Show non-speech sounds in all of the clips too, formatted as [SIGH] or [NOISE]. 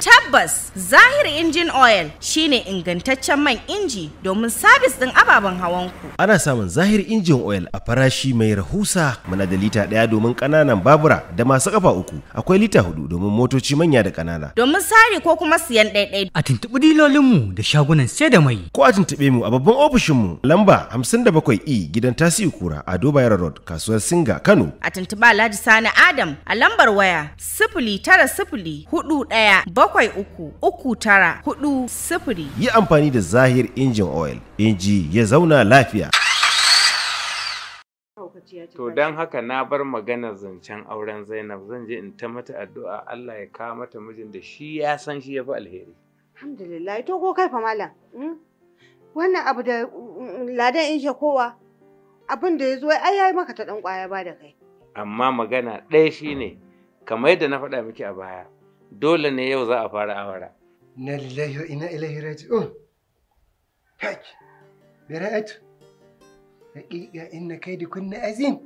Tabbas Zahir Injin Oil shine ingantaccen man inji domin sabis ɗin ababen hawanku. Ana samun Zahir Injin Oil a farashi mai rahusa muna da lita ɗaya domin ƙananan babura da masu ƙafa uku akwai lita hudu domin motoci manya da ƙanana. Domin sari ko kuma siyan ɗaiɗai. A tuntuɓi dilolinmu da shagunan sai da mai. Ko a tuntuɓe mu a babban ofishin ofishinmu lamba 57 E gidan Tasiu Kura a Yara Road kasuwar Singa Kano. A tuntuɓa Alhaji Sani Adam a lambar waya sifili tara sifili hudu ɗaya ba bakwai uku uku tara hudu sifiri. Yi amfani da Zahir injin oil, inji ya zauna lafiya. To don haka na bar magana zancen auren Zainab zan je in ta mata addu'a Allah ya kawo mata mijin da shi ya san shi ya fi alheri. Alhamdulillah to ko kai fa malam. Hmm? Wannan abu da mm, mm, ladan in kowa abin da ya zo ai yayi maka ta dan kwaya ba da kai. Amma magana ɗaya shine kamar yadda na faɗa miki a baya dole ne yau za a fara amara. Na lillahi wa ina ilahi raji'un. Oh! Hak, atu! haƙiƙa ina kai da kunna azim,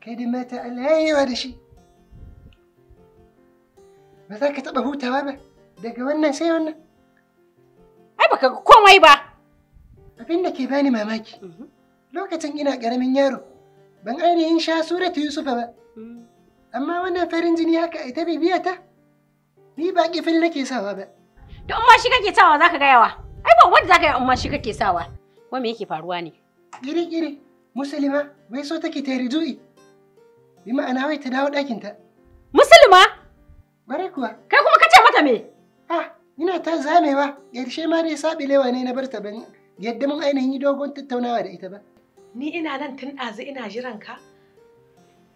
kai da mata alayewa da shi. Ba za ka taɓa hutawa ba daga wannan sai wannan. Ai baka ga komai ba. Abin da ke bani mamaki, mhm. lokacin ina ƙaramin yaro, ban ainihin sha suratu Yusufa ba. Mm. Amma wannan farin jini haka ita biya ta? Ni ba kifin nake sawa ba. To amma shi kake sawa za ka yawa Ai ba wanda za ka yi amma shi kake sawa. Wa me yake faruwa ne? Giri-giri, Musulma, wai so take ta riju'i. Bi ma'ana wai ta dawo ɗakinta. Musulma? Bare kuwa. Kai kuma ka ce mata me? Ah, ina ta zamewa, ƙarshe ma dai lewa ne na barta ban yadda mun ainihin yi dogon tattaunawa da ita ba. Ni ina nan tun ɗazu ina jiran ka.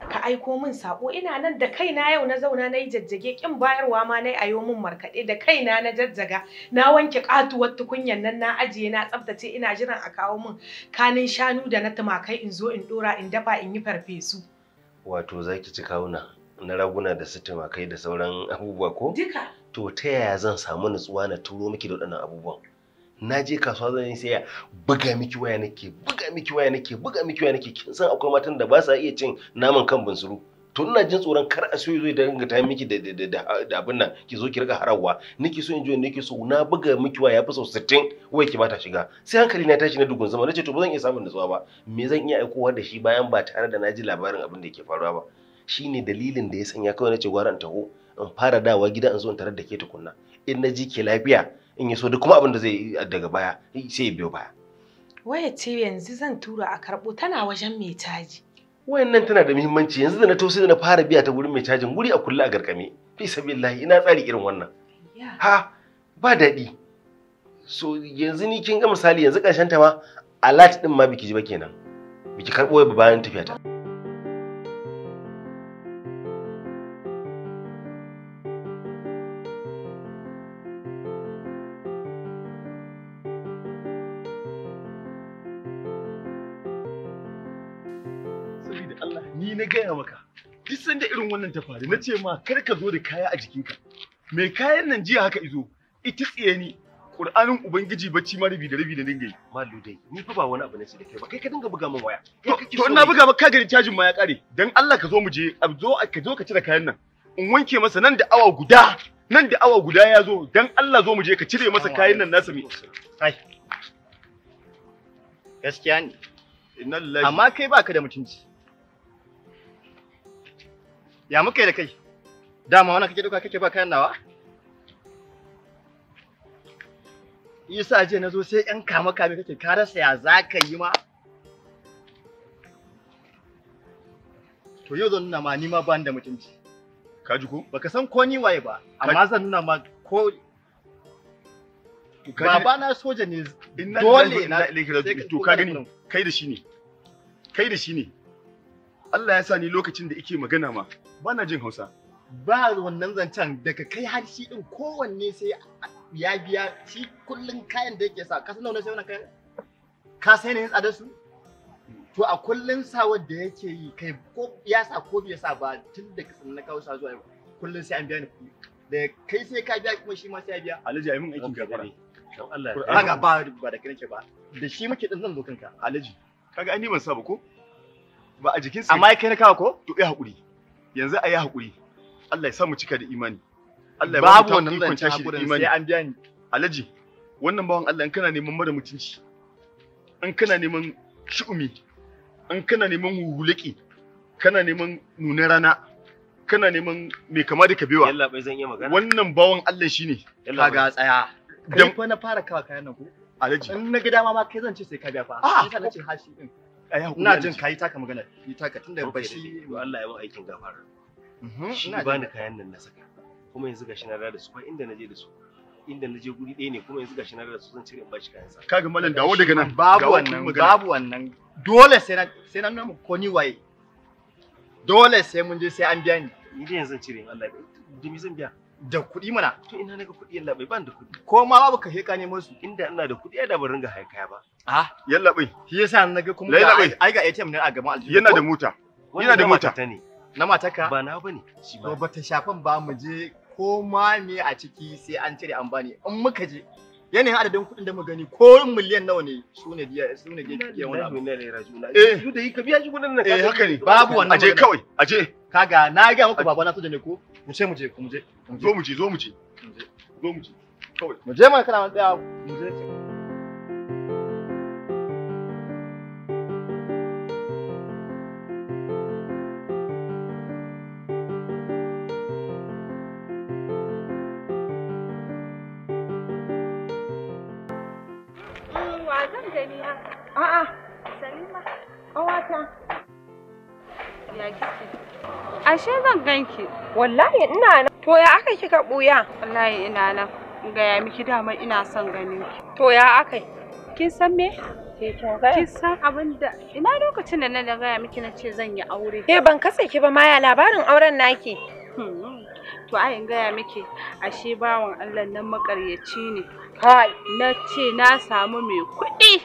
ka aiko min sako ina nan da kaina yau na zauna na yi jajjage kin bayarwa ma na yi ayo min markaɗe da kaina na jajjaga na wanke katuwar tukunyan nan na ajiye na tsaftace ina jiran a kawo min kanin shanu da na tumakai in zo in dora in dafa in yi farfesu. Wato zaki ci kawuna na raguna da su tumakai da sauran [LAUGHS] abubuwa ko? Duka. To ta yaya zan samu nutsuwa na turo miki da waɗannan abubuwan? na je kasuwa zan yi saya buga miki waya nake buga miki waya nake buga miki waya nake kin san akwai matan da ba sa iya cin naman kan bunsuru to ina jin tsoron kar a soyi zai dinga ta miki da da abin nan ki zo ki riga harawa nake so in ji nake so na buga miki waya fi so 60 wai ki bata shiga sai hankali na tashi na dugun zama nace to ba zan iya samun nutsuwa ba me zan iya aikowa da shi bayan ba tare da na ji labarin abin da yake faruwa ba shine dalilin da ya sanya kawai nace gwara in taho in fara dawa gida in zo in tarar da ke tukunna in na ji ke lafiya in ya so duk kuma abin da zai daga baya sai ya biyo baya waya ce yanzu zan tura a karɓo tana wajen mai caji Wayannan tana da muhimmanci yanzu da na to sai na fara biya ta gurin mai cajin guri a kulle a garkame fi sabillahi ina tsari irin wannan ha ba daɗi so yanzu ni kin ga misali yanzu ƙarshen ta ma alat ɗin ma biki ji ba kenan biki karɓo ba bayan tafiya ta ta faru na ce ma kar ka zo da kaya a jikinka mai kayan nan jiya haka izo ita tsiye ni Qur'anin Ubangiji bacci ma rabi da rabi da dinga yi. Malu dai, ni fa ba wani abu ne sai da kai ba, kai ka dinga buga min waya. To ina buga maka gari cajin ma ya kare. Dan Allah ka zo mu je, a zo ka zo ka cire kayan nan. In wanke masa nan da awa guda, nan da awa guda ya zo, dan Allah zo mu je ka cire masa kayan nan nasa mi. ai Gaskiya ne. Amma kai baka da mutunci. Ya muka yi da kai? Dama wannan kake duka kake ba kayan nawa? Isa je na zo sai 'yan kama kame kake ka rasa ya za ka yi ma? To yau zan nuna ma ni ma ban da mutunci. Ka ji ko? Baka san ko ni waye ba, amma zan nuna ma ko Baba na soja ne dole na to ka gani kai da shi ne. Kai da shi ne. Allah ya sa ni lokacin da ike magana ma ba na jin hausa ba wannan zancen daga kai har shi din kowanne sai ya biya shi kullun kayan da yake sa ka san nawa sai wannan kayan ka sai ne tsada su to a kullun sa wanda yake yi kai ko ya sa ko bai sa ba tun daga sanin na kawo sa zuwa yau kullun sai an biya ni kuɗi da kai sai ka biya kuma shi ma sai ya biya alhaji ayi mun aikin Allah ya ba ba da kai ba da shi muke din zan zo kanka alhaji kaga an yi ban sa ba ko ba a jikin sai amma kai na kawo ko to ya hakuri yanzu a yi haƙuri Allah ya sa mu cika da imani Allah ya babu wannan ikon tashi da imani sai an biya ni alaji wannan bawan Allah in kana neman mara mutunci in kana neman shi'umi? in kana neman huhulaki kana neman nuna rana kana neman mai kama da kabewa yalla bai zan iya magana wannan bawan Allah shine kaga tsaya kai fa na fara kawa kayan nan ko alaji in na ga dama ma kai zan ce sai ka biya fa ah! sai ka ce hashi din ina jin kayi taka magana yi taka tunda ba da Allah ya yi aikin gafara mhm, shi bani kayan nan na saka kuma yanzu gashi na da su fa inda naje da su inda na je guri ɗaya ne kuma yanzu gashi na da su zan cire in bashi kayan sa kaga malam dawo daga nan babu wannan babu wannan dole sai na sai na nuna ko ni waye dole sai mun je sai an biya ni ni yanzu zan cire in Allah ya bi zan biya da kuɗi mana to ina ga kuɗi yalla bai ban da kuɗi ko ma babu ka heka nemo su inda ina da kuɗi da ban ringa haikaya ba ah yalla bai shi yasa naga kuma yalla ai ga ATM ne a gaban aljihu yana da mota yana da mota na mataka ba na bane shi ba ba ta shafan ba mu je ko ma me a ciki sai an cire an bani in muka je yanayin adadin kuɗin da magani ko miliyan nawa ne su ne biya su ne biya wani abu eh su da yi ka biya shi kuɗin nan eh haka ne babu wannan aje kawai aje kaga na ga muku baba na so da ne ko mu sai mu je mu je zo mu je zo mu je zo mu je kawai mu je ma kana wani tsaya mu je Ashe zan ganki. Wallahi ina nan. To ya aka kika buya? Wallahi ina nan. ya miki dama ina son ganin ki. To ya aka? Kin san me? Kin san abinda ina lokacin da na gaya miki na ce zan yi aure. Eh ban kasa ki ba ma ya labarin auren naki. Hmm. To ai in gaya miki ashe bawan Allah nan makaryaci ne. Kai na ce na samu mai kuɗi.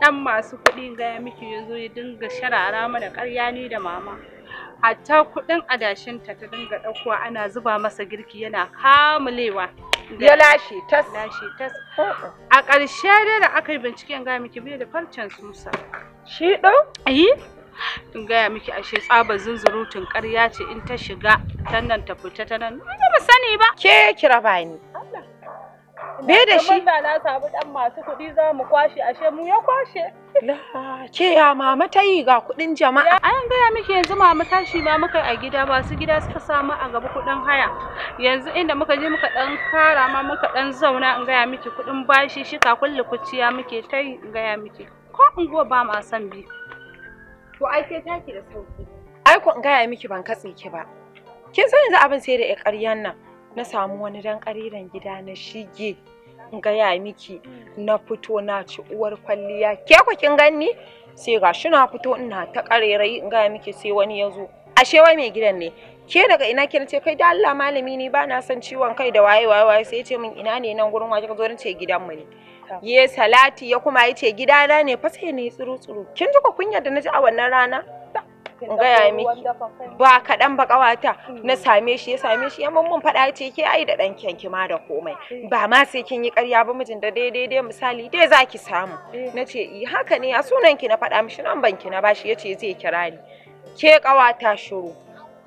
Dan masu kuɗi gaya miki yanzu ya dinga sharara mana ƙarya ni da mama. hatta kuɗin adashin ta ta dinga ɗaukowa ana zuba masa girki yana kamulewa ya lashe tas lashe tas a ƙarshe dai da aka yi binciken ga miki bai da farcen susa shi ayi Tun gaya miki ashe tsaba zunzurutun ƙarya ce in ta shiga Tannan ta fita ta nan ba mu sani ba ke kira bani Be da shi. Kuma na samu dan masu kuɗi za mu kwashe ashe mu ya kwashe. ce ya mama ta yi ga kuɗin jama'a. An gaya miki yanzu mama tashi ma muka a gida masu gida suka samu a gaba kuɗin haya. Yanzu inda muka je muka ɗan kara ma muka ɗan zauna in gaya miki kuɗin bashi shi ka kulle kuciya muke ta yi in gaya miki. Ko unguwa ba ma san bi. To ai sai taki da sauki. Ai ko in gaya miki ban katse ki ba. Kin san yanzu abin sai da ƙaryan nan. na samu wani dan kariran gida na shige in ga gaya miki na fito na ci uwar kwalliya ke ku kin ganni sai ga shi na fito ina ta karerai in ga ya miki sai wani ya zo ashe wai mai gidan ne ke daga ina ke ce kai da Allah malami ni ba na son ciwon kai da waye waye waye sai ya ce min ina ne nan gurin waje ka zo ce gidan mu ne ye salati ya kuma yace, gidana ne fa sai ne tsuru tsuru kin ji ku kunya da naji a wannan rana gaya miki ba kaɗan ba ƙawata mm. na same shi ya same shi ya mun faɗa ce ke ai da ɗan kyanki ma da komai mm. ba ma sai kin yi ƙarya ba mijin da dai dai dai misali dai za ki samu mm. na ce haka ne a sunan ki na faɗa mishi nan banki na bashi ya ce zai kira ni ke ƙawata shiru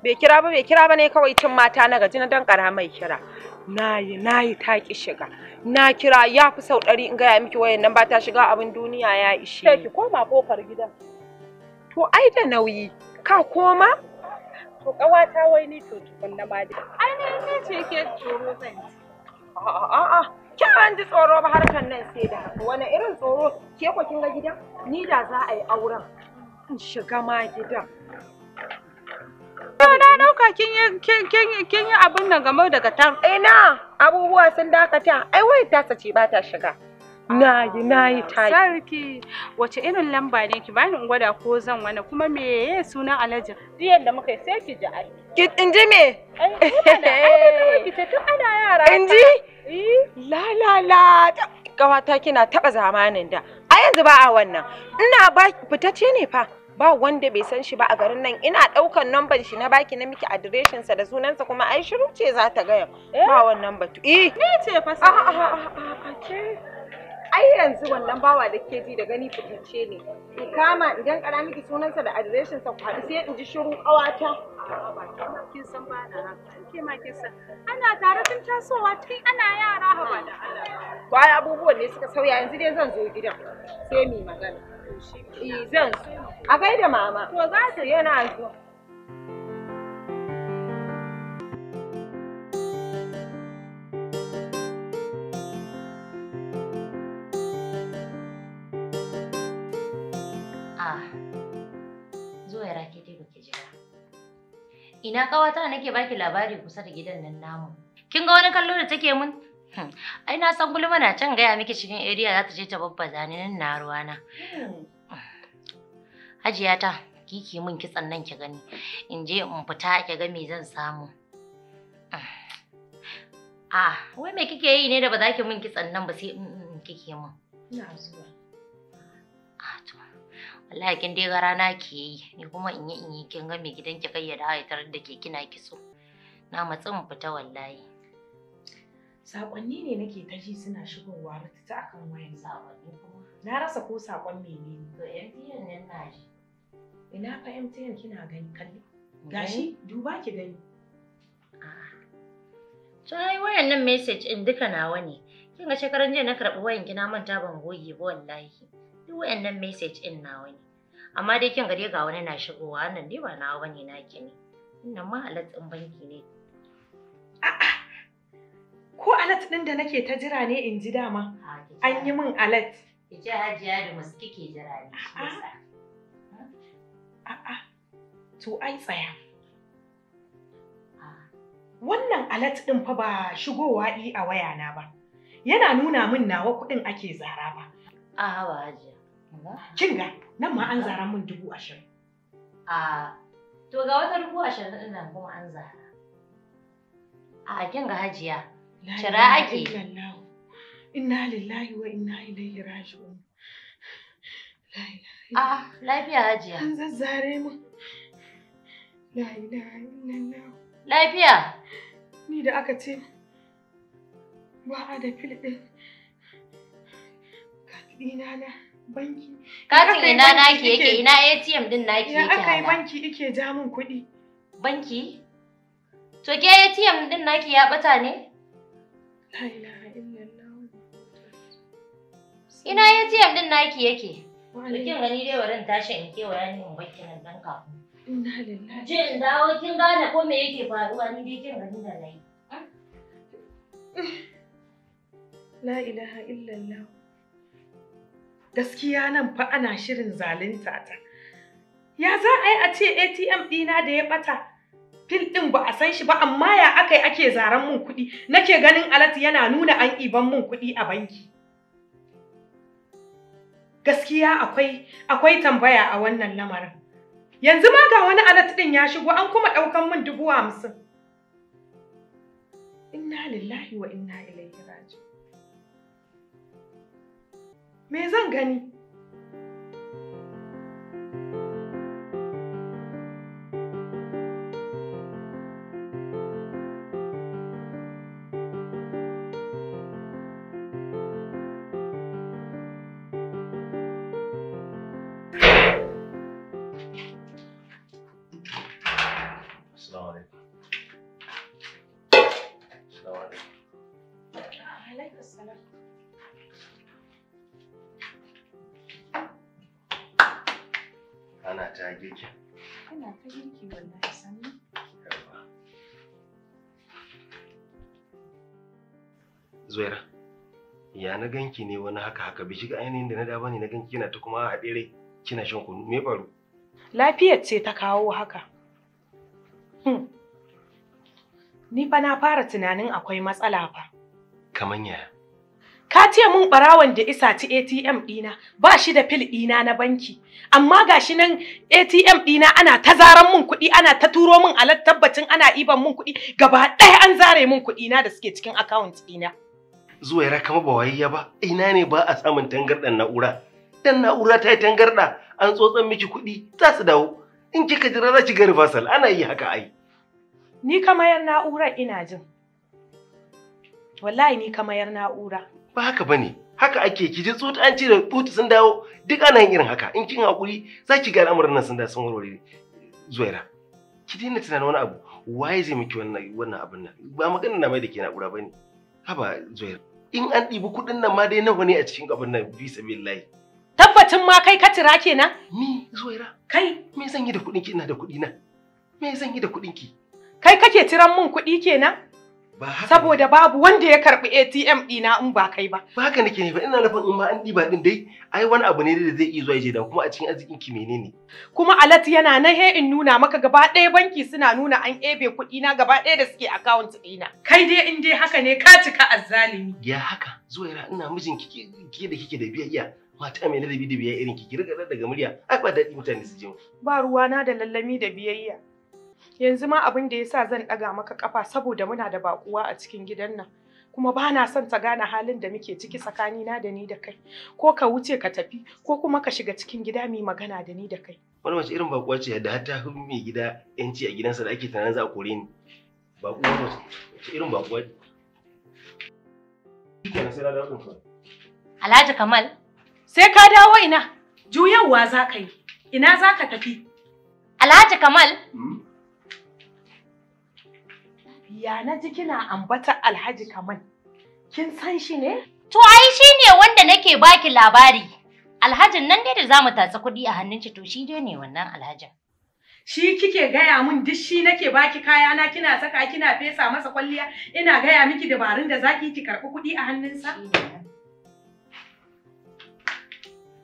bai kira ba bai kira ba ne kawai cin mata na gaji na dan ƙara mai kira nayi nayi ta ki shiga na kira ya fi sau ɗari in gaya miki wayan nan ba ta shiga abin duniya ya ishe ki koma kofar gidan To ai da nauyi, ka koma? To ƙawata wai ni to tukun na madi. Ai ne ne ce ke tsoro zan ci. A'a ke ban ji tsoro ba harkan nan sai da haka. Wani irin tsoro ke ku kin ga gidan? Ni da za a yi auren in shiga ma gidan. na ɗauka kin yi abin nan game da gatar. Ina abubuwa sun dakata, ai wai tasa ce ba ta shiga. nayi nayi ah, tayi sarki wace irin lamba ne ki bani in gwada ko zan wani kuma me ye sunan alhaji diyan da muka yi sai ki ji ai ki in ji me in ji eh. la la la kawata kina taba zamanin da a yanzu ba a wannan ina ba fitacce ne fa ba wanda bai san shi ba a garin nan ina daukan namban shi na baki na miki adireshin sa da sunansa kuma ai shiru ce za ta gaya eh? ba wannan batu eh ni ce fa a a a a ke yanzu wannan bawa da ke ji da gani fitacce ne in kama idan kara miki sunansa da adireshin sa ku haɗu sai in ji shiru ƙawata kin san ba na haka ke ma kin san ana tare tun tasowa tun ana yara ba da Allah baya abubuwan ne suka sauya yanzu dai zan zo gidan sai mi magana eh, zan a gaida mama to za ta yana zo Ina ƙawata nake baki labari kusa da gidan nan namu. Kin ga wani kallo da take mun? Hmm. Ai na san gulma na can gaya miki cikin area za ta je ta babbaza ni nan na ruwana. Hmm. Hajiya ta kiki mun kitsan nan ki gani. In je in fita ki ga me zan samu. Ah, wai me kike yi ne da ba za ki mun kitsan nan ba sai kike mun. Ina zuwa. wallahi kin dai gara na ke yi ni kuma in yi in yi kin ga mai gidan ki kai ya dawo da ke kina kitso na matsin fita wallahi sakonni ne nake ta ji suna shigowa rututa akan wayan sakonni kuma na rasa ko sakon menene to MTN nan na ji ina fa MTN kina gani kalli gashi duba ki gani Ah. ai wayan nan message ɗin duka nawa ne. kin ga shekaran jiya na karɓi wayan gina manta ban goge ba wallahi duk wayannan message ɗin nawa ne amma dai kin gare ga wani na shigowa wannan dai ba nawa bane naki ne wannan ma alat ɗin banki ne a'a ko alat ɗin da nake ta jira ne in ji dama an yi min alat ki ce hajiya da masu kike jira ne a'a to ai tsaya wannan alat ɗin fa ba shigowa i a wayana ba yana nuna min nawa kuɗin ake zara ba. A hawa hajiya. Kin ga nan ma an zara min dubu ashirin. A to ga wata dubu ashirin ɗin nan kuma an zara. A kin ga hajiya. Cira ake. Inna lillahi wa inna ilaihi raji'un. A lafiya hajiya. An zazzare mu. La ilaha illallah. Lafiya. Ni da aka ce ba ina naki yake ina atm din naki yake aka yi banki to ke atm din naki ya bata ne ina atm din naki yake Kin gani dai warin tashi in kewaya ni in bakki nan dan kafin. Inna lillahi. dawo kin gane ko me yake faruwa ni dai kin gani da nayi. Ah. La ilaha illallah. Gaskiya nan fa ana shirin zalunta ta. Ya za a yi a ce ATM ɗina da ya ɓata fil ɗin ba a san shi ba amma ya aka ake zaren mun kuɗi nake ganin alati yana nuna an iban mun kuɗi a banki. Gaskiya akwai akwai tambaya a wannan lamarin. Yanzu ma ga wani alat ɗin ya shigo an kuma ɗaukan mun dubu hamsin. Inna lillahi wa inna ilaihi raji'un. me zan gani ana ta girki ina ta girki wallahi sannan zuwaira ya na ganki ne wani haka haka bai ga ainihin da na da bani na ganki kina ta kuma a ɗere kina shan kunu me faru lafiyar ce ta kawo haka hmm. ni fa na fara tunanin akwai matsala fa kaman yaya Ka ce mun barawan da isa ci ATM ɗina ba shi da fil ɗina na banki. Amma ga shi nan ATM ɗina ana ta zaran mun kuɗi ana ta turo mun alat tabbacin ana iban mun kuɗi gaba ɗaya an zare mun na da suke cikin akawunt ɗina. Zuwa ya kama ba wayayya ba ina ne ba a samun tangarɗar na'ura. Dan na'ura ta yi tangarɗa an tsotson miki kuɗi za su dawo. In kika jira za ki ga rifasal. ana yi haka ai. Ni kamayar na'ura ina jin. Wallahi ni kamayar na'ura. ba haka bane haka ake ki ji tsut an ci da tsut sun dawo duk ana yin irin haka in kin hakuri za ki ga al'amuran nan sun da sun warware zuwaira ki daina tunanin wani abu waye zai miki wannan wannan abin nan ba magana na mai da ke na kura bane haba zuwaira in an ɗibi kuɗin nan ma dai nawa ne a cikin abin nan bi sabilillahi tabbacin ma kai ka tira kenan ni zuwaira kai me zan yi da kuɗin ki ina da kuɗi na me zan yi da kuɗin ki kai kake tiran mun kuɗi kenan saboda babu wanda ya karbi ATM ɗina in ba kai ba. Ba haka nake ne ba ina nufin in ma an ɗiba ɗin dai ai wani abu ne da zai iya zuwa ya da kuma a cikin arzikin ki menene. Kuma Alat yana na he in nuna maka gaba ɗaya banki suna nuna an ebe kuɗi na gaba ɗaya da suke account ɗina. Kai dai in dai haka ne ka cika azzalimi. Ya haka zuwa ina mijin ki da kike da biyayya mata mai ladabi da biyayya irin ki ki riga daga murya ai ba daɗi mutane su je. Ba ruwana da lallami da biyayya. yanzu ma abin da yasa zan ɗaga maka ƙafa saboda muna da baƙuwa a cikin gidan nan kuma ba na son ta gane halin da muke ciki tsakanina da ni da kai ko ka wuce ka tafi ko kuma ka shiga cikin gida mai magana da ni da kai wani mace irin baƙuwa ce da har ta fi mai gida yanci a gidansa da ake tunanin za a kore ni baƙuwa mace irin baƙuwa Alhaji Kamal sai ka dawo ina juyawa za ka yi ina za ka tafi Alhaji Kamal hmm? Ya na ji kina ambata Alhaji Kamal. Kin san shi ne? To ai shi ne wanda nake baki labari. Alhajin nan dai da za mu tatsi kuɗi a hannun shi to shi dai ne wannan alhajin. Shi kike gaya min duk shi nake baki kayana kina saka kina fesa masa kwalliya ina gaya miki dabarun da zaki ki karɓi kuɗi a hannunsa.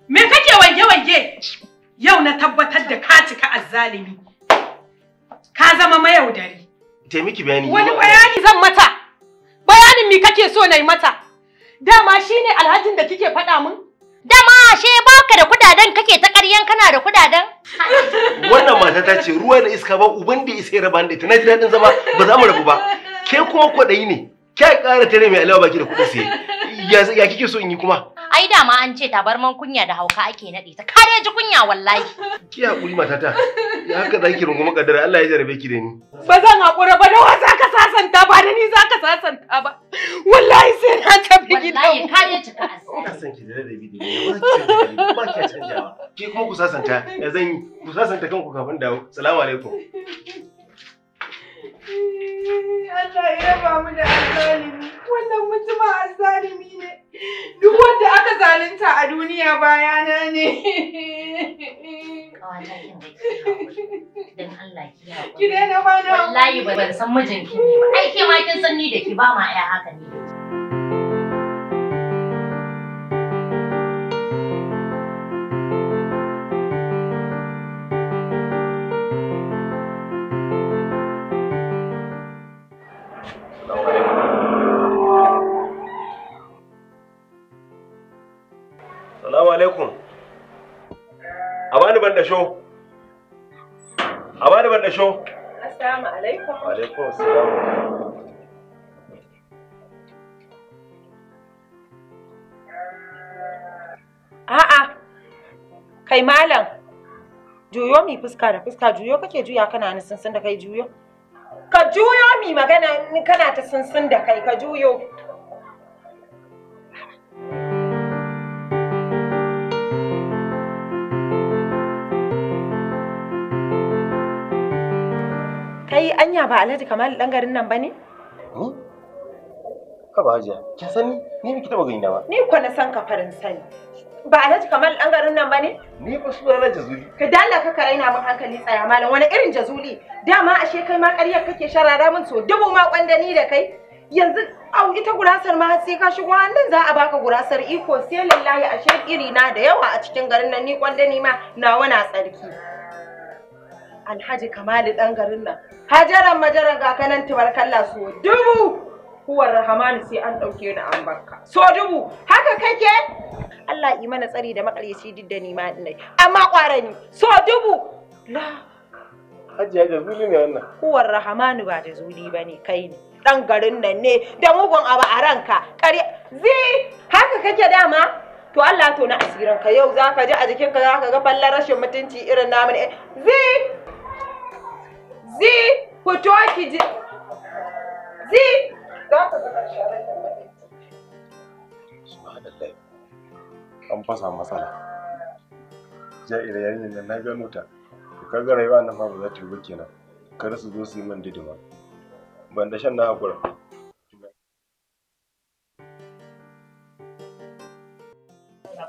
Me kake wange-wange? Yau na tabbatar da ka cika azzalimi. Ka zama mayaudari. ta miki bayani wani bayani zan mata bayanin mi kake so na yi mata dama shine alhajin da kike faɗa min dama ashe baka da kudaden kake ta ƙaryan kana da kudaden wannan mata ta ce ruwa da iska ba uban da isa raba da ita na ji daɗin zama ba za mu rabu ba ke kuma kwaɗayi ne ka ƙara tare mai alawa baki da kuɗi sai ya kike so in yi kuma Ai da ma an ce tabarman kunya da hauka ake naɗe ta. Ka ji kunya wallahi. [LAUGHS] Ki hakuri matata. Ya haka zaki rungu kadara Allah ya jarabe ki da ni. Ba zan hakura ba da wa ka sasanta ba da ni za ka sasanta ba. Wallahi sai na tafi gidan. Wallahi ka dai cika ka san ki da da Ba ki canjawa. Ki kuma ku sasanta. Ya zan yi ku sasanta kanku kafin dawo. Assalamu alaikum. Allah ya ba mu da alƙalimi. Wannan mutumin azzalimi ne. Duk wanda aka zalunta a duniya baya na ne. kin ki haƙuri. Ki daina Wallahi ban san mijinki ne ba. Ai ke ma kin san ni da ki ba ma 'ya haka ne. da sho? A da sho Assalamu alaikum. Wa alaikum assalam. A'a. Kai malam. Juyo mi fuska da fuska juyo kake juya kana ni sunsun da kai juyo. Ka juyo mi magana kana ta sunsun da kai ka juyo. Wai anya ba Alhaji Kamal dan garin nan bane? Ni? Ka ba hmm? hajiya, kin sani? Ni miki taba gani na ba. Ni ko na san ka farin sani. Ba Alhaji Kamal dan garin nan bane? Ni ba su na Jazuli. Ka dalla ka na mun hankali tsaya malam wani irin Jazuli? Dama ashe kai ma ƙaryar kake sharara min so dubu ma kwandani da kai. Yanzu au ita gurasar ma sai ka shigo hannun za a baka gurasar iko sai lallahi ashe iri na da yawa a cikin garin nan ni kwandani ma nawa na tsarki. alhaji kamali dan garin nan hajaran majaran ga kanan tubarkalla so dubu huwar rahamani sai an ɗauke ni an barka so dubu haka kake Allah yi mana tsari da makaryaci duk da ma dinai amma kwarani so dubu la haji da zuli ne wannan huwar rahamani ba da zuli ba ne kai ne dan garin nan ne da mugun abu a ranka kare zi haka kake dama to Allah to na asiranka ka yau zaka ji a jikinka zaka ga fallar rashin mutunci irin namu ne zi Zi, fito ki ji. Zi. Za ka ga Subhanallah. An fasa matsala. Ja'ira yarinyar nan na gano ta. Ka ga rayuwa nan ma ba za ta yi ba kenan. Kar su zo su yi min didima. Ban da shan na hakura.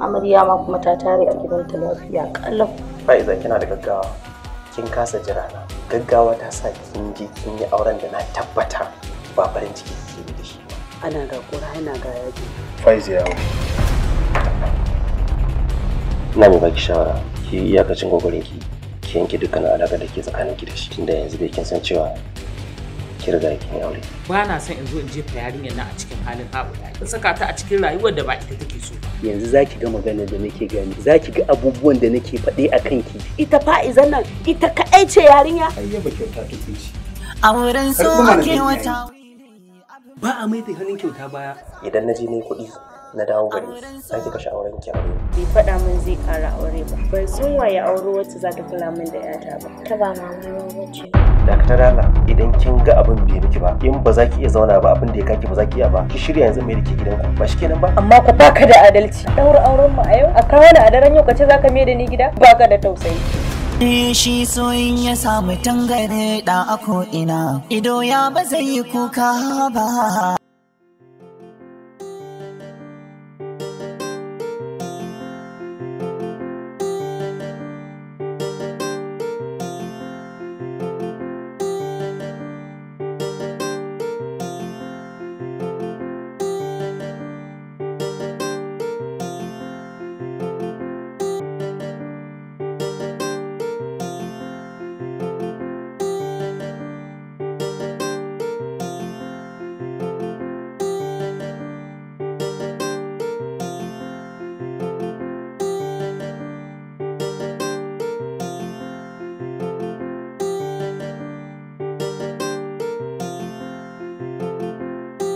amarya ma kuma ta tare a gidanta lafiya kallon fa'iza kina da gaggawa kin kasa jira na gaggawa ta sa kin je kin yi auren da na tabbata ba farin ciki ke da shi ba ana ga kura ana ga yaji fa'iza yawo na mai baki shawara ki iyakacin gwagwarin ki ki yanke dukkan alaƙa da ke tsakanin ki da shi tunda yanzu bai kin san cewa Kirga riga aure ba na son in zo in jefa yarinyar na a cikin halin da ake. saka ta a cikin rayuwar da ba ita take so yanzu za ki ga maganar da nake gani ki ga abubuwan da nake faɗe a ki. ita fa izan nan ita kaɗai ce yarinya ba kyauta ta ce a wurin so ake wata ba a mai da hannun kyauta baya idan na je ne kuɗi na dawo gari sai kika sha auren ki aure bai faɗa min zai ƙara aure ba ban san waye aure wacce za ta kula min da yata ba ta ba mama wacce da ka idan kin ga abin bai miki ba in ba za ki iya zauna ba abin da ya kaki ba za ki iya ba ki shirya yanzu mai da ke gidanku ba shi kenan ba amma ku baka da adalci daura auren mu a yau a kawo ni a daren yau kace ka mai da ni gida baka da tausayi shi soyin ya samu tangare da ako ina ido ya ba zai yi kuka ba